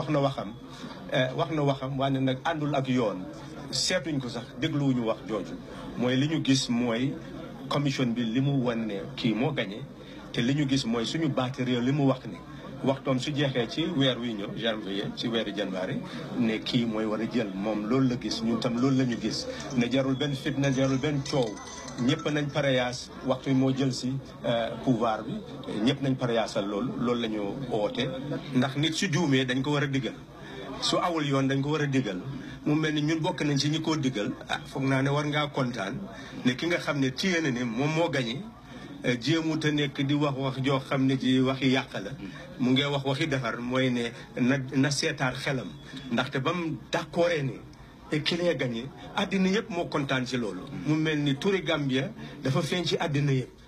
wax na waxam eh, wax na waxam waaye nag àndul ak yoon seetuñ ko sax dégluwuñu wax jooju mooy li ñu gis mooy commission bi li mu wan ne kii moo gañe te li ñu gis mooy suñu baati li mu wax ne waxtoom su jeexee ci weer wi ñëw janvier ci weeri janvier ne kii mooy war a jël moom loolu la gis ñun tam loolu la ñu gis na jarul benn fitna jarul benn coow ñëpp nañ pareyaas waxtu wi moo jël si euh, pouvoir bi ñëpp nañ pareyaasal loolu loolu la ñu woote ndax nit su juumee dañ ko war a diggal su awul yoon dañ ko war a diggal mu mel ni ñun bokk nañ si ñu ko diggal ah foog naa ne war ngaa kontaan ne ki nga xam ne téye na ne moom moo gañe euh, jéemuta nekk di wax wax joo xam ne ji waxi yàq la mu ngi wax waxi defar mooy ne na na seetaar xelam ndaxte ba mu d'accordee ne te kii la gagné àddina yëpp moo kontaan ci loolu. mu mel ni Touré Gambia dafa feeñ ci àddina yëpp.